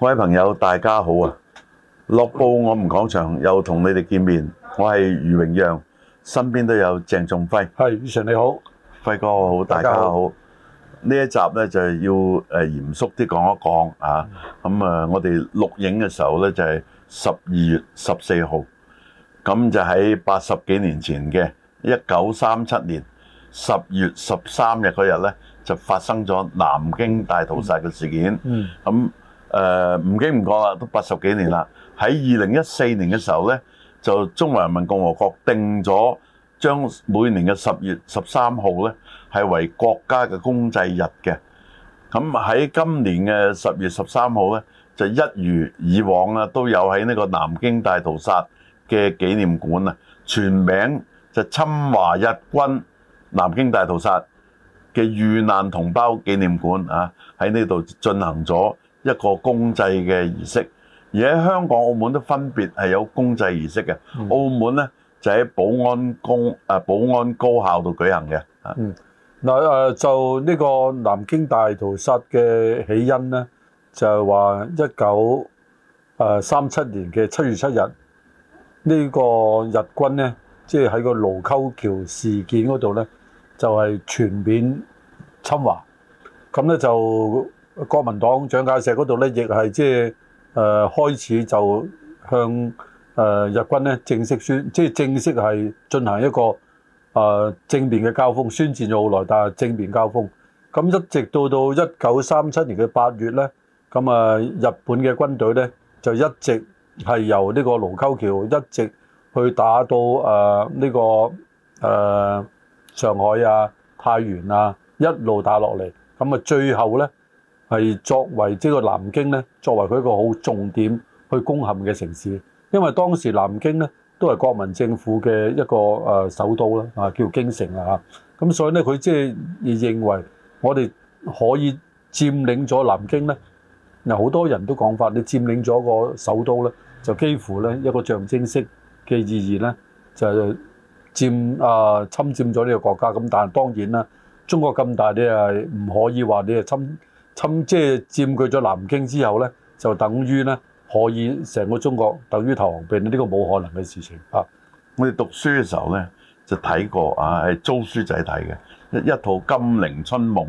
各位朋友，大家好啊！樂報我哋講場，又同你哋見面，我係余榮讓，身邊都有鄭仲輝。係，宇常你好，輝哥好，大家好。呢一集咧就係要誒嚴肅啲講一講啊。咁啊，我哋錄影嘅時候咧就係十二月十四號，咁就喺八十幾年前嘅一九三七年十月十三日嗰日咧就發生咗南京大屠殺嘅事件。嗯，咁。誒唔經唔講啦，都八十幾年啦。喺二零一四年嘅時候咧，就中華人民共和國定咗將每年嘅十月十三號咧係為國家嘅公祭日嘅。咁喺今年嘅十月十三號咧，就一如以往啦，都有喺呢個南京大屠殺嘅紀念館啊，全名就侵華日軍南京大屠殺嘅遇難同胞紀念館啊，喺呢度進行咗一個公祭嘅儀式，而喺香港、澳門都分別係有公祭儀式嘅。澳門咧就喺保安公啊保安高校度舉行嘅。嗯，嗱誒就呢個南京大屠殺嘅起因咧，就係話一九誒三七年嘅七月七日，呢個日軍咧即係喺個盧溝橋事件嗰度咧就係全面侵華，咁咧就。國民黨蔣介石嗰度咧，亦係即係誒開始就向誒、呃、日軍咧正式宣，即、就、係、是、正式係進行一個誒、呃、正面嘅交鋒。宣戰咗好耐，但係正面交鋒。咁一直到到一九三七年嘅八月咧，咁啊日本嘅軍隊咧就一直係由呢個盧溝橋一直去打到誒呢、呃這個誒、呃、上海啊、太原啊，一路打落嚟。咁啊，最後咧。係作為這個南京咧，作為佢一個好重點去攻陷嘅城市，因為當時南京咧都係國民政府嘅一個誒首都啦，啊叫京城啦，咁所以呢，佢即係認為我哋可以佔領咗南京咧，嗱好多人都講法，你佔領咗個首都咧，就幾乎呢一個象徵式嘅意義呢就係佔啊侵佔咗呢個國家咁，但係當然啦，中國咁大你係唔可以話你係侵。咁即係佔據咗南京之後咧，就等於咧可以成個中國等於投降俾你，呢個冇可能嘅事情啊！我哋讀書嘅時候咧就睇過啊，係租書仔睇嘅一一套《金陵春夢》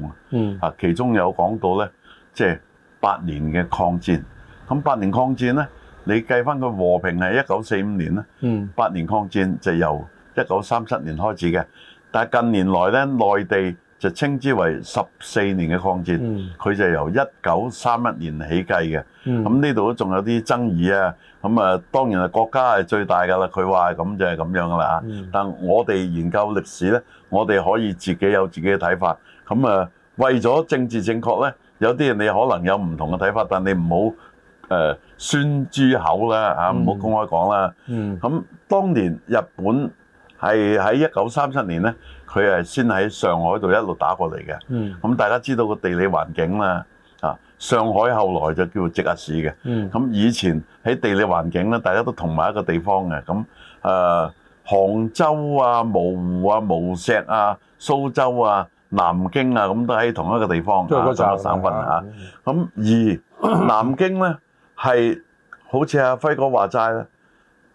啊，其中有講到咧，即係八年嘅抗戰。咁八年抗戰咧，你計翻個和平係一九四五年咧，八年抗戰就由一九三七年開始嘅。但係近年來咧，內地就稱之為十四年嘅抗戰，佢、嗯、就由一九三一年起計嘅。咁呢度都仲有啲爭議啊。咁啊，當然啊，國家係最大㗎啦。佢話咁就係咁樣㗎啦、嗯、但我哋研究歷史呢，我哋可以自己有自己嘅睇法。咁啊，為咗政治正確呢，有啲人你可能有唔同嘅睇法，但你唔好誒宣諸口啦嚇，唔、嗯、好、啊、公開講啦。咁、嗯嗯、當年日本。係喺一九三七年咧，佢係先喺上海度一路打過嚟嘅。咁、嗯、大家知道個地理環境啦，啊，上海後來就叫直轄市嘅。咁、嗯、以前喺地理環境咧，大家都同埋一個地方嘅。咁誒、呃，杭州啊、蕪湖啊、無錫啊、蘇州啊、南京啊，咁都喺同一個地方，同一個省份嚇。咁、啊嗯啊嗯、而南京咧，係好似阿、啊、輝哥話齋咧。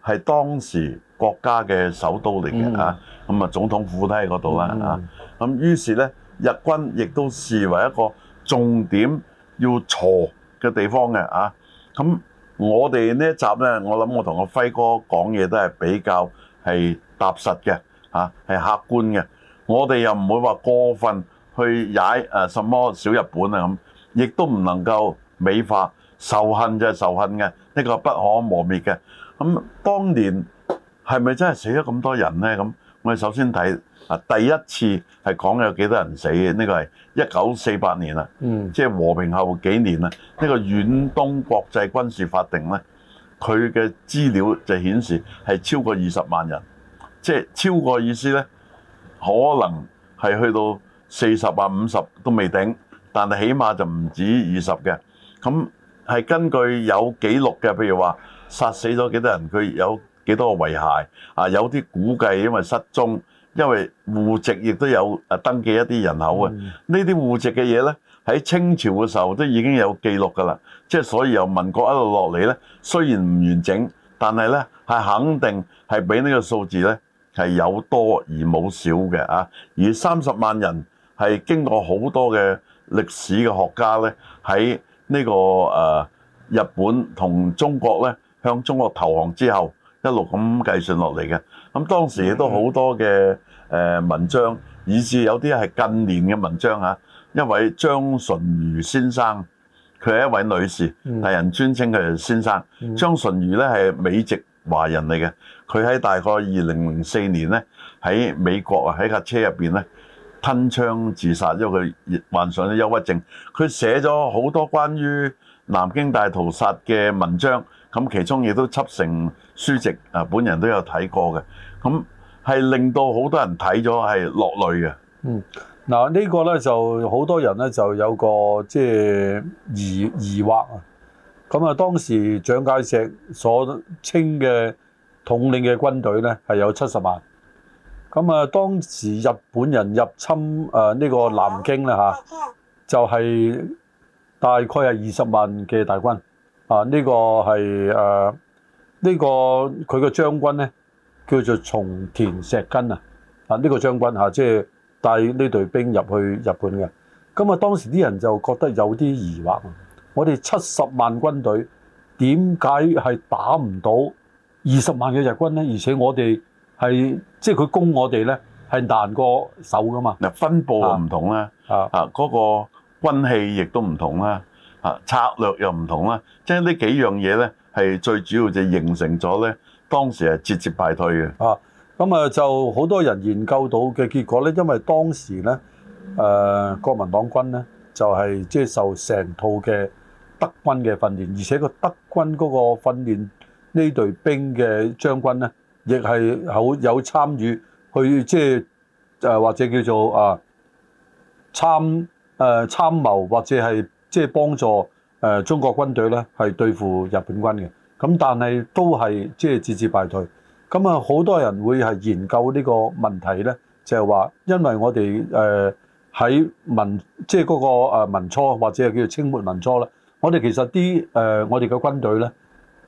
係當時國家嘅首都嚟嘅、嗯、啊，咁啊總統府都喺嗰度啦啊，咁、啊、於是咧，日軍亦都視為一個重點要鋤嘅地方嘅啊，咁、啊、我哋呢一集咧，我諗我同阿輝哥講嘢都係比較係踏實嘅啊，係客觀嘅，我哋又唔會話過分去踩誒什麼小日本啊咁，亦都唔能夠美化仇恨就係仇恨嘅，呢、呢個不可磨滅嘅。咁當年係咪真係死咗咁多人呢？咁我哋首先睇啊，第一次係講有幾多人死嘅。呢、這個係一九四八年啦，即、嗯、係、就是、和平後幾年啦。呢、這個遠東國際軍事法庭呢，佢嘅資料就顯示係超過二十萬人，即、就、係、是、超過意思呢，可能係去到四十啊五十都未頂，但係起碼就唔止二十嘅。咁係根據有記錄嘅，譬如話。殺死咗幾多人？佢有幾多個遺骸？啊，有啲估計因為失蹤，因為戶籍亦都有啊登記一啲人口啊。呢啲戶籍嘅嘢呢，喺清朝嘅時候都已經有記錄㗎啦。即係所以由民國一路落嚟呢，雖然唔完整，但係呢係肯定係比呢個數字呢係有多而冇少嘅啊。而三十萬人係經過好多嘅歷史嘅學家呢喺呢個誒日本同中國呢。向中國投降之後，一路咁計算落嚟嘅。咁當時亦都好多嘅誒文章，以至有啲係近年嘅文章嚇。一位張純如先生，佢係一位女士，但係人尊稱佢係先生。是張純如呢係美籍華人嚟嘅，佢喺大概二零零四年呢，喺美國啊喺架車入邊呢，吞槍自殺，因為佢患上咗憂鬱症。佢寫咗好多關於南京大屠殺嘅文章，咁其中亦都輯成書籍啊，本人都有睇過嘅，咁係令到好多人睇咗係落淚嘅。嗯，嗱、這、呢個呢就好多人呢就有個即係、就是、疑疑惑啊。咁啊，當時蔣介石所稱嘅統領嘅軍隊呢係有七十萬，咁啊當時日本人入侵啊呢、這個南京啦嚇、啊，就係、是。大概係二十萬嘅大軍，啊，這個是啊這個、軍呢個係誒呢個佢嘅將軍咧，叫做松田石根啊，這個、將啊呢個將軍嚇，即係帶呢隊兵入去日本嘅。咁啊，當時啲人就覺得有啲疑惑，我哋七十萬軍隊點解係打唔到二十萬嘅日軍咧？而且我哋係即係佢攻我哋咧，係難過守㗎嘛？嗱，分佈唔同啦，啊啊嗰、那個。軍器亦都唔同啦，啊策略又唔同啦，即係呢幾樣嘢咧，係最主要就形成咗咧，當時係節節敗退嘅。啊，咁啊就好多人研究到嘅結果咧，因為當時咧誒、呃、國民黨軍咧就係即係受成套嘅德軍嘅訓練，而且個德軍嗰個訓練呢隊兵嘅將軍咧，亦係好有參與去即係誒或者叫做啊參。誒參謀或者係即係幫助誒中國軍隊咧，係對付日本軍嘅。咁但係都係即係節節敗退。咁啊，好多人會係研究呢個問題咧，就係話因為我哋誒喺民即係嗰個誒民初或者係叫做清末民初咧，我哋其實啲誒我哋嘅軍隊咧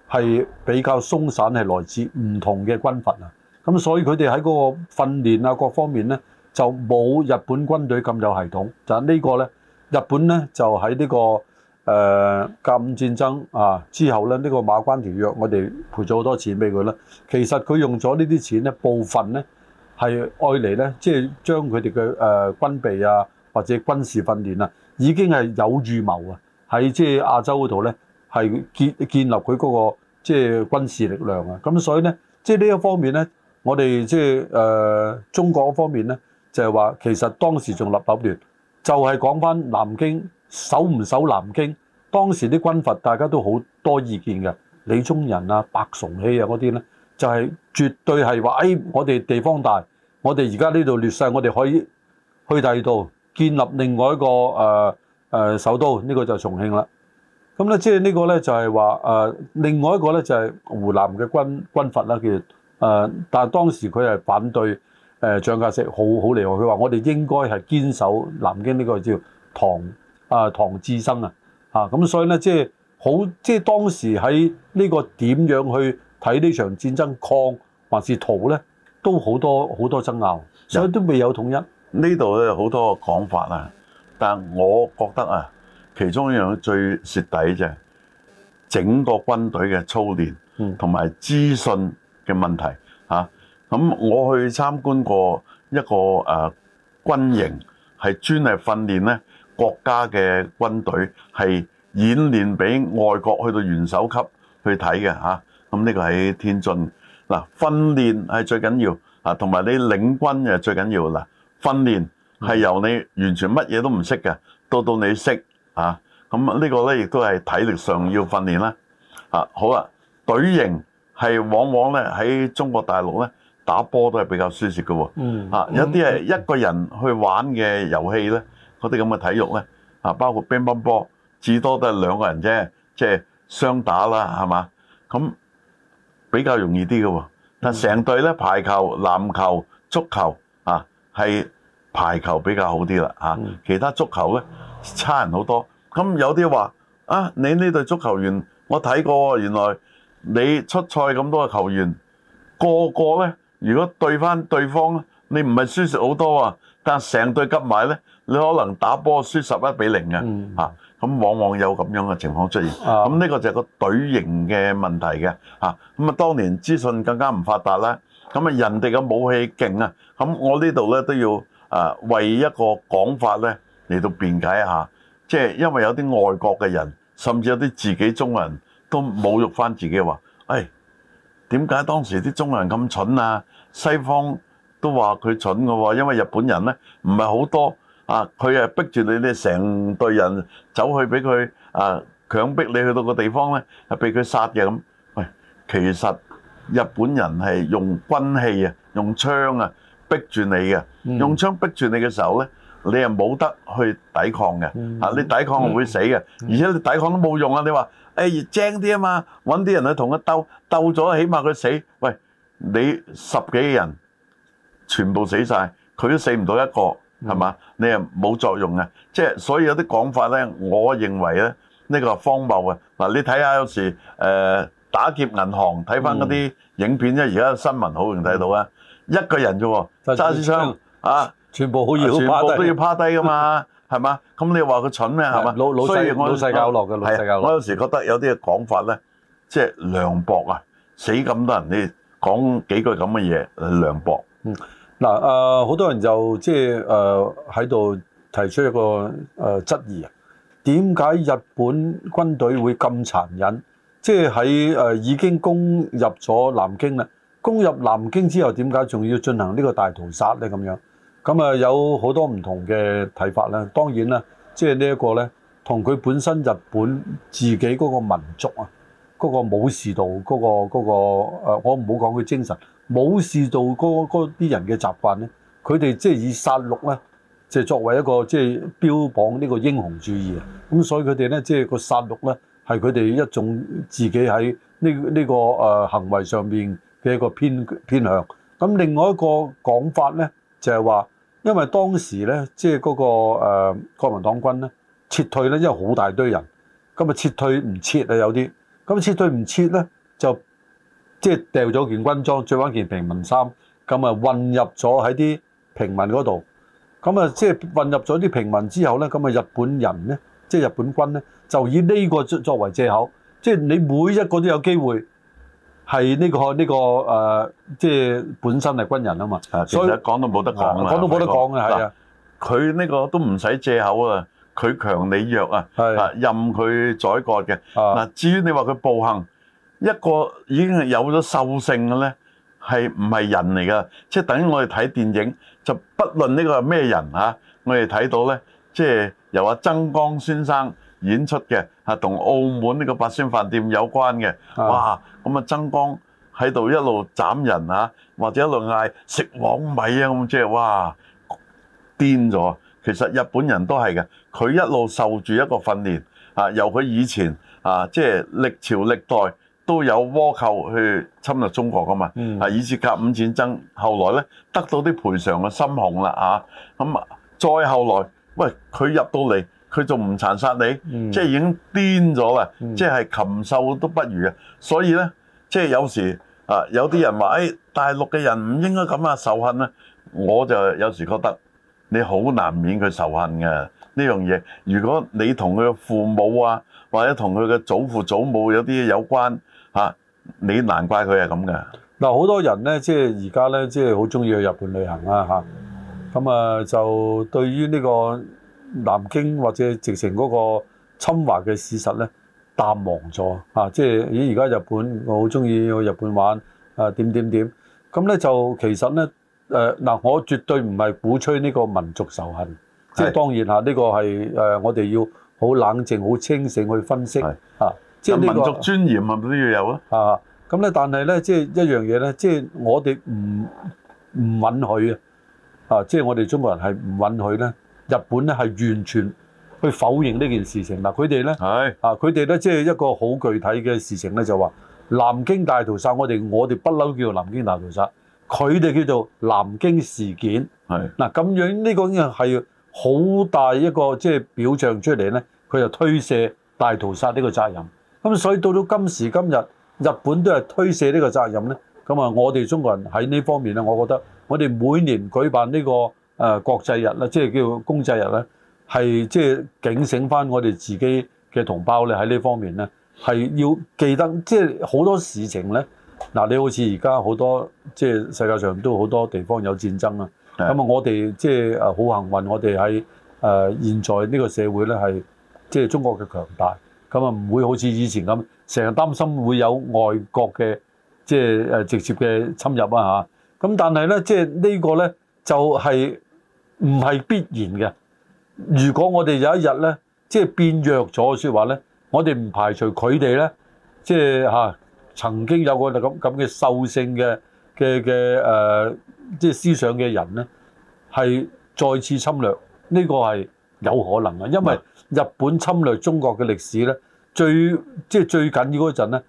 係比較鬆散，係來自唔同嘅軍閥啊。咁所以佢哋喺嗰個訓練啊各方面咧。就冇日本軍隊咁有系統，就係呢個咧，日本咧就喺呢個誒甲午戰爭啊之後咧，呢個馬關條約我哋賠咗好多錢俾佢啦。其實佢用咗呢啲錢咧，部分咧係愛嚟咧，即係將佢哋嘅誒軍備啊或者軍事訓練啊，已經係有預謀啊，喺即係亞洲嗰度咧係建建立佢嗰個即係軍事力量啊。咁所以咧，即係呢一方面咧，我哋即係誒中國方面咧，就係、是、話，其實當時仲立保亂，就係講返南京守唔守南京？當時啲軍閥大家都好多意見嘅，李宗仁啊、白崇禧啊嗰啲咧，就係、是、絕對係話，誒、哎，我哋地方大，我哋而家呢度劣勢，我哋可以去第二度建立另外一個誒誒、呃呃、首都，呢、這個就係重慶啦。咁咧，即係呢個咧就係話誒，另外一個咧就係、是、湖南嘅軍軍閥啦，其、呃、實但係當時佢係反對，誒蔣介石好好厲害，佢話我哋應該係堅守南京。呢個叫唐啊唐志生啊，咁、啊、所以呢，即係好即係當時喺呢個點樣去睇呢場戰爭抗還是逃呢，都好多好多爭拗，所以都未有統一。呢度咧好多講法啊，但係我覺得啊，其中一樣最蝕底就係整個軍隊嘅操練同埋資訊嘅問題、啊。咁我去參觀過一個誒軍營，係專係訓練咧國家嘅軍隊，係演練俾外國去到元首級去睇嘅嚇。咁呢個喺天津嗱，訓練係最緊要啊，同埋你領軍係最緊要嗱。訓練係由你完全乜嘢都唔識嘅，到到你識啊。咁呢個咧亦都係體力上要訓練啦。啊，好啦，隊形係往往咧喺中國大陸咧。打波都係比較舒適嘅喎、啊嗯嗯嗯，啊，有啲係一個人去玩嘅遊戲咧，嗰啲咁嘅體育咧，啊，包括乒乓波，至多都係兩個人啫，即、就、係、是、雙打啦，係嘛？咁、啊、比較容易啲嘅喎，但、啊、成隊咧，排球、籃球、足球啊，係排球比較好啲啦、啊，啊，其他足球咧差人好多。咁有啲話啊，你呢隊足球員，我睇過、啊，原來你出賽咁多嘅球員，個個咧。如果對翻對方咧，你唔係輸蝕好多喎，但係成隊夾埋咧，你可能打波輸十一比零嘅嚇，咁往往有咁樣嘅情況出現。咁呢個就係個隊型嘅問題嘅嚇。咁啊，當年資訊更加唔發達啦，咁啊人哋嘅武器勁啊，咁我呢度咧都要啊為一個講法咧嚟到辯解一下，即係因為有啲外國嘅人，甚至有啲自己中國人，都侮辱翻自己話，誒。點解當時啲中國人咁蠢啊？西方都話佢蠢嘅、啊、喎，因為日本人呢唔係好多啊，佢啊逼住你哋成隊人走去俾佢啊強迫你去到個地方呢，係被佢殺嘅咁。喂、哎，其實日本人係用軍器啊，用槍啊逼住你嘅，用槍逼住你嘅時候呢，你係冇得去抵抗嘅。嚇、啊，你抵抗會死嘅，而且你抵抗都冇用啊！你話。誒，精啲啊嘛，揾啲人去同佢鬥，鬥咗起碼佢死。喂，你十幾人全部死曬，佢都死唔到一個，係嘛？你又冇作用嘅。即係所以有啲講法咧，我認為咧，呢個係荒謬啊！嗱，你睇下有時誒打劫銀行，睇翻嗰啲影片咧，而家新聞好容易睇到啊，一個人啫喎，揸支槍啊，全部都要趴低，全部都要趴低噶嘛，係嘛？咁你話佢蠢咩？係嘛，老老細老細教落嘅，老細教落。我有時覺得有啲嘢講法咧，即係涼薄啊！死咁多人，你講幾句咁嘅嘢，涼薄。嗯，嗱、呃，誒，好多人就即係誒喺度提出一個誒質疑啊，點解日本軍隊會咁殘忍？即係喺誒已經攻入咗南京啦，攻入南京之後，點解仲要進行呢個大屠殺咧？咁樣？咁啊，有好多唔同嘅睇法啦。當然啦，即、就、係、是、呢一個咧，同佢本身日本自己嗰個民族啊，嗰、那個武士道，嗰、那個嗰、那個我唔好講佢精神武士道，嗰啲人嘅習慣咧，佢哋即係以殺戮咧，就是、作為一個即係、就是、標榜呢個英雄主義啊。咁所以佢哋咧，即、就、係、是、個殺戮咧，係佢哋一種自己喺呢呢個行為上面嘅一個偏偏向。咁另外一個講法咧。就係話，因為當時咧，即係嗰個誒國民黨軍咧撤退咧，因為好大堆人，咁啊撤退唔撤啊有啲，咁撤退唔撤咧就即係掉咗件軍裝，着翻件平民衫，咁啊混入咗喺啲平民嗰度，咁啊即係混入咗啲平民之後咧，咁啊日本人咧，即係日本軍咧就以呢個作作為藉口，即係你每一個都有機會。係呢、這個呢、這個誒、呃，即係本身係軍人啊嘛說說，所以講到冇得講啦，講到冇得講嘅係啊，佢呢個都唔使借口啊，佢強你弱啊，任佢宰割嘅。嗱，至於你話佢暴行，一個已經係有咗獸性嘅咧，係唔係人嚟㗎？即係等於我哋睇電影，就不論呢個係咩人嚇、啊，我哋睇到咧，即係由阿曾江先生。演出嘅同澳門呢個八仙飯店有關嘅，哇！咁啊，曾江喺度一路斬人啊，或者一路嗌食黃米啊咁即係哇癲咗！其實日本人都係嘅，佢一路受住一個訓練啊，由佢以前啊即係歷朝歷代都有倭寇去侵略中國噶嘛，啊、嗯，以至甲午戰爭，後來咧得到啲賠償嘅心紅啦，咁啊再後來喂佢入到嚟。佢仲唔殘殺你？嗯、即係已經癲咗啦！即係禽獸都不如，所以呢，即係有時啊，有啲人話，誒、哎，大陸嘅人唔應該咁啊，仇恨呢。我就有時覺得你好難免佢仇恨嘅呢樣嘢。如果你同佢父母啊，或者同佢嘅祖父祖母有啲有關、啊、你難怪佢係咁嘅。嗱，好多人呢，即係而家呢，即係好中意去日本旅行啦。咁啊，啊就對於呢、呢個。南京或者直情嗰個侵華嘅事實咧淡忘咗啊！即係而家日本，我好中意去日本玩啊！點點點咁咧，就其實咧，誒嗱，我絕對唔係鼓吹呢個民族仇恨，即係當然嚇呢、呢個係誒、呃、我哋要好冷靜、好清醒去分析啊！即係、呢個、民族尊嚴係咪都要有呢啊！咁咧，但係咧，即係一樣嘢咧，即係我哋唔唔允許啊！即係我哋中國人係唔允許咧。日本咧係完全去否認呢件事情嗱，佢哋咧啊，佢哋咧即係一個好具體嘅事情咧，就話南京大屠殺，我哋我哋不嬲叫南京大屠殺，佢哋叫做南京事件。係嗱、啊，咁樣呢個係好大一個即係、就是、表象出嚟咧，佢就推卸大屠殺呢個責任。咁所以到到今時今日，日本都係推卸呢個責任咧。咁啊，我哋中國人喺呢方面咧，我覺得我哋每年舉辦呢、呢個。誒國際日咧，即係叫公祭日咧，係即係警醒翻我哋自己嘅同胞咧，喺呢方面咧係要記得，即係好多事情咧。嗱，你好似而家好多，即係世界上都好多地方有戰爭啊。咁啊，我哋即係誒好幸運，我哋喺誒現在呢個社會咧係即係中國嘅強大，咁啊唔會好似以前咁成日擔心會有外國嘅即係誒直接嘅侵入啊嚇。咁但係咧，即係呢個咧就係。唔係必然嘅。如果我哋有一日呢，即係變弱咗，說話呢，我哋唔排除佢哋呢，即係吓曾經有個咁咁嘅獸性嘅嘅嘅誒，即係思想嘅人呢，係再次侵略呢個係有可能嘅，因為日本侵略中國嘅歷史呢，最即係最緊要嗰陣呢，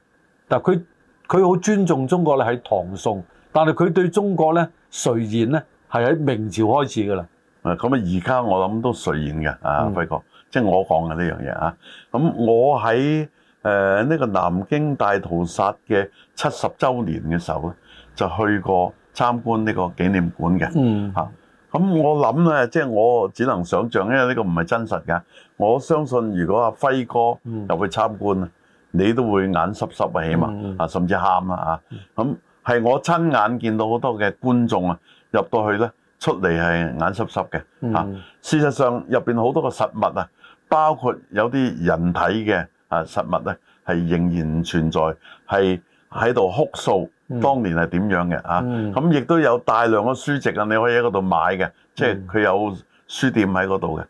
佢佢好尊重中國咧喺唐宋，但係佢對中國呢，雖然呢係喺明朝開始㗎啦。咁啊！而家我諗都隨演嘅啊，輝哥，嗯、即係我講嘅呢樣嘢啊。咁我喺誒呢個南京大屠殺嘅七十週年嘅時候咧，就去過參觀呢個紀念館嘅。嗯、啊。咁我諗咧，即、就、係、是、我只能想像，因為呢個唔係真實嘅。我相信如果阿輝哥入去參觀啊，嗯、你都會眼濕濕啊，起碼啊，甚至喊啊。咁、啊、係我親眼見到好多嘅觀眾啊，入到去咧。出嚟係眼濕濕嘅嚇。事實上入邊好多個實物啊，包括有啲人體嘅啊實物咧，係仍然存在，係喺度哭訴當年係點樣嘅啊。咁亦都有大量嘅書籍啊，你可以喺嗰度買嘅，即係佢有書店喺嗰度嘅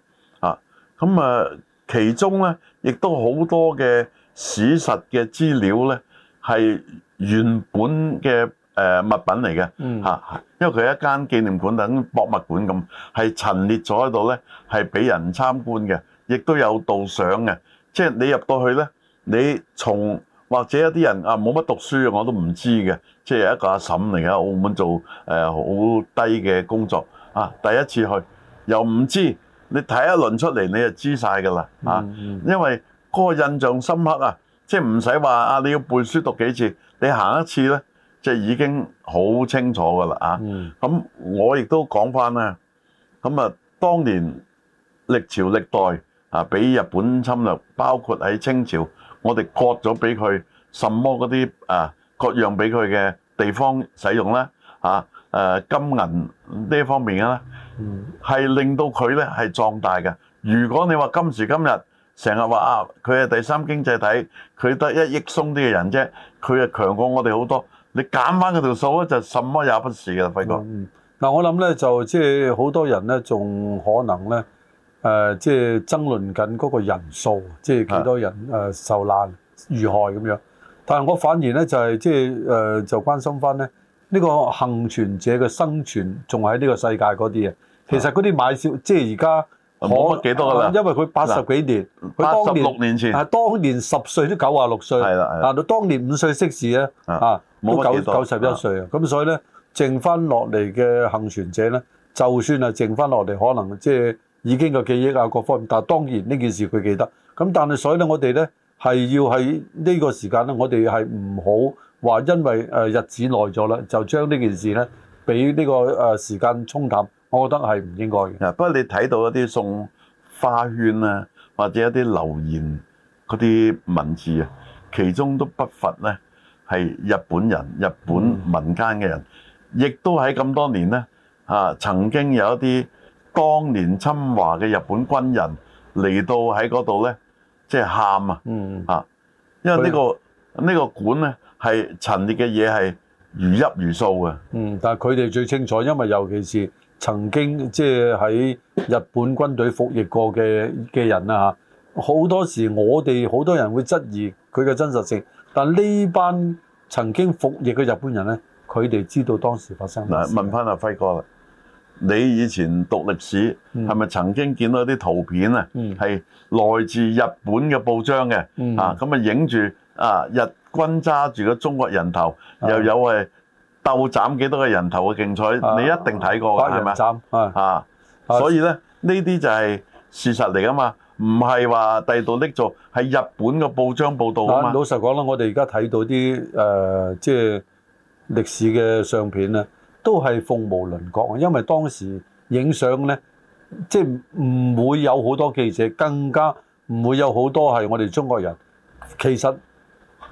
啊。咁啊，其中咧亦都好多嘅史實嘅資料咧，係原本嘅。誒物品嚟嘅嚇，因為佢係一間紀念館等博物館咁，係陳列咗喺度咧，係俾人參觀嘅，亦都有導賞嘅。即係你入到去咧，你從或者一啲人啊冇乜讀書，我都唔知嘅。即係一個阿嬸嚟嘅，澳門做誒好低嘅工作啊，第一次去又唔知，你睇一輪出嚟，你就知曬噶啦嚇，因為嗰個印象深刻啊，即係唔使話啊，你要背書讀幾次，你行一次咧。即係已經好清楚噶啦啊、嗯！咁我亦都講翻啦咁啊，當年歷朝歷代啊，俾日本侵略，包括喺清朝，我哋割咗俾佢什麼嗰啲啊，割讓俾佢嘅地方使用咧啊誒、啊、金銀呢方面嘅咧，係、嗯、令到佢咧係壯大嘅。如果你話今時今日成日話啊，佢係第三經濟體，佢得一億鬆啲嘅人啫，佢係強過我哋好多。你減翻嗰條數咧，就什麼也不是㗎啦，輝哥。嗱、嗯嗯，我諗咧就即係好多人咧，仲可能咧、呃，即係爭論緊嗰個人數，即係幾多人、呃、受難遇害咁樣。但我反而咧就係、是、即係、呃、就關心翻咧呢、呢個幸存者嘅生存，仲喺呢個世界嗰啲啊。其實嗰啲買少，即係而家。可幾多噶啦？因為佢八十幾年，八十六年前，係當年十歲都九啊六歲，係啦，到當年五歲識字啊，冇九九十一歲啊，咁所以咧，剩翻落嚟嘅幸存者咧，就算係剩翻落嚟，可能即係已經個記憶啊各方面。但當然呢件事佢記得。咁但係所以咧，我哋咧係要喺呢個時間咧，我哋係唔好話因為誒日子耐咗啦，就將呢件事咧俾呢個誒時間沖淡。我覺得係唔應該嘅。嗱，不過你睇到一啲送花圈咧，或者一啲留言嗰啲文字啊，其中都不乏咧係日本人、日本民間嘅人，亦都喺咁多年咧啊，曾經有一啲當年侵華嘅日本軍人嚟到喺嗰度咧，即係喊啊，嗯，啊，因為呢個呢個館咧係陳列嘅嘢係如泣如訴嘅。嗯，但係佢哋最清楚，因為尤其是。曾經即係喺日本軍隊服役過嘅嘅人啊，好多時我哋好多人會質疑佢嘅真實性，但呢班曾經服役嘅日本人呢，佢哋知道當時發生。嗱，問翻阿輝哥啦，你以前讀歷史係咪、嗯、曾經見到啲圖片啊？係來自日本嘅報章嘅、嗯、啊，咁啊影住啊日軍揸住個中國人頭，又有係。鬥斬幾多個人頭嘅競賽，啊，你一定睇過㗎，係咪啊，啊，啊？所以咧，呢啲就係事實嚟啊嘛，唔係話第二度拎做係日本嘅報章報道嘛啊嘛。老實講啦，我哋而家睇到啲誒、呃、即係歷史嘅相片咧，都係鳳毛麟角啊，因為當時影相咧，即係唔會有好多記者，更加唔會有好多係我哋中國人。其實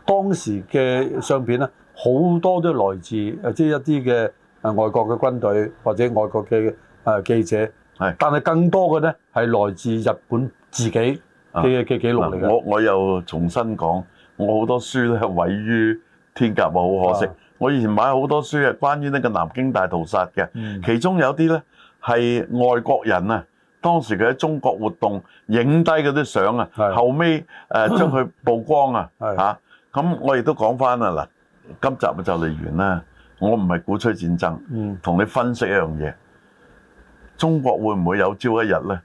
當時嘅相片咧，好多都來自誒，即係一啲嘅外國嘅軍隊或者外國嘅誒記者，但係更多嘅咧係來自日本自己嘅嘅記錄嚟嘅。我我又重新講，我好多書咧毀於天甲啊，好可惜。我以前買好多書嘅，關於呢個南京大屠殺嘅，其中有啲咧係外國人啊，當時佢喺中國活動影低嗰啲相啊，後尾誒將佢曝光啊，咁我亦都講翻啊，嗱，今集咪就嚟完啦！我唔係鼓吹戰爭，同、嗯、你分析一樣嘢。中國會唔會有朝一日咧，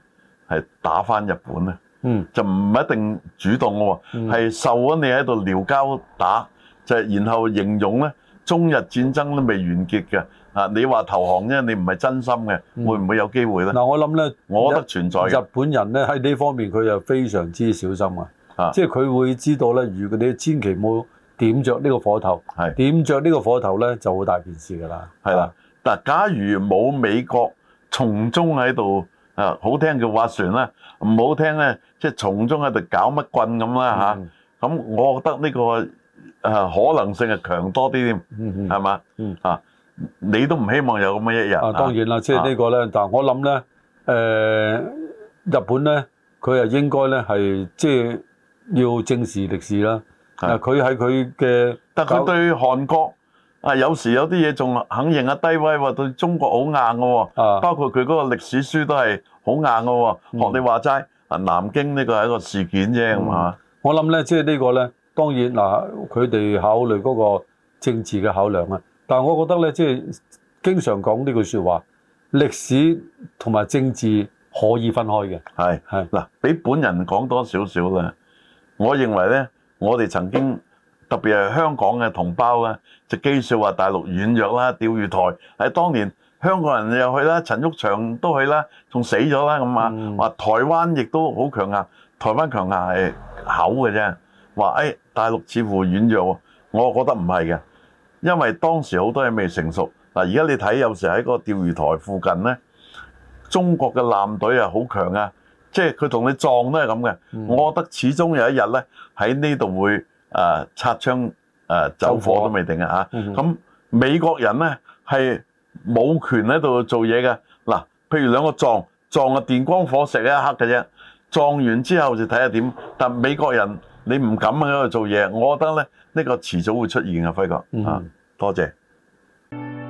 係打返日本咧、嗯？就唔一定主動喎，係、嗯、受咗你喺度撩交打，就係、然後形容咧。中日戰爭都未完結嘅啊！你話投降咧，你唔係真心嘅、嗯，會唔會有機會咧？嗱、嗯，我諗咧，我覺得存在嘅日本人咧喺呢方面佢又非常之小心啊！即係佢會知道咧，如果你千祈冇。點着呢個火頭，點着呢個火頭咧，就好大件事㗎啦，係啦。嗱，啊，假如冇美國從中喺度，啊，好聽嘅叫划船啦，唔好聽咧，即係從中喺度搞乜棍咁啦嚇。咁我覺得呢個誒可能性係強多啲添，係嘛，嗯？啊，你都唔希望有咁嘅一日啊？當然啦，即係呢個咧，但係我諗咧，誒日本咧，佢係應該咧係即係要正視歷史啦。啊！佢喺佢嘅，但佢對韓國啊，有時有啲嘢仲肯認下低威喎，對中國好硬嘅喎，包括佢嗰個歷史書都係好硬嘅喎。學、嗯、你話齋啊，南京呢個係一個事件啫，係、嗯、嘛？我諗咧，即係呢個咧，當然嗱，佢哋考慮嗰個政治嘅考量啊。但係我覺得咧，即係經常講呢句説話，歷史同埋政治可以分開嘅。係係嗱，俾本人講多少少啦，我認為咧。我哋曾經特別係香港嘅同胞啊，就基説話大陸軟弱啦，釣魚台喺當年香港人又去啦，陳毓祥都去啦，仲死咗啦咁啊，話台灣亦都好強硬，台灣強硬係口嘅啫，話誒、哎、大陸似乎軟弱，我覺得唔係嘅，因為當時好多嘢未成熟嗱，而家你睇有時喺個釣魚台附近咧，中國嘅艦隊啊好強啊！即係佢同你撞都係咁嘅，我覺得始終有一日呢，喺呢度會啊、呃、擦槍啊、呃、走火都未定嘅嚇。咁、啊嗯嗯、美國人呢，係冇權喺度做嘢嘅嗱，譬如兩個撞撞啊電光火石一刻嘅啫，撞完之後就睇下點。但美國人你唔敢喺度做嘢，我覺得咧呢、呢個遲早會出現嘅，輝哥啊、嗯，多謝。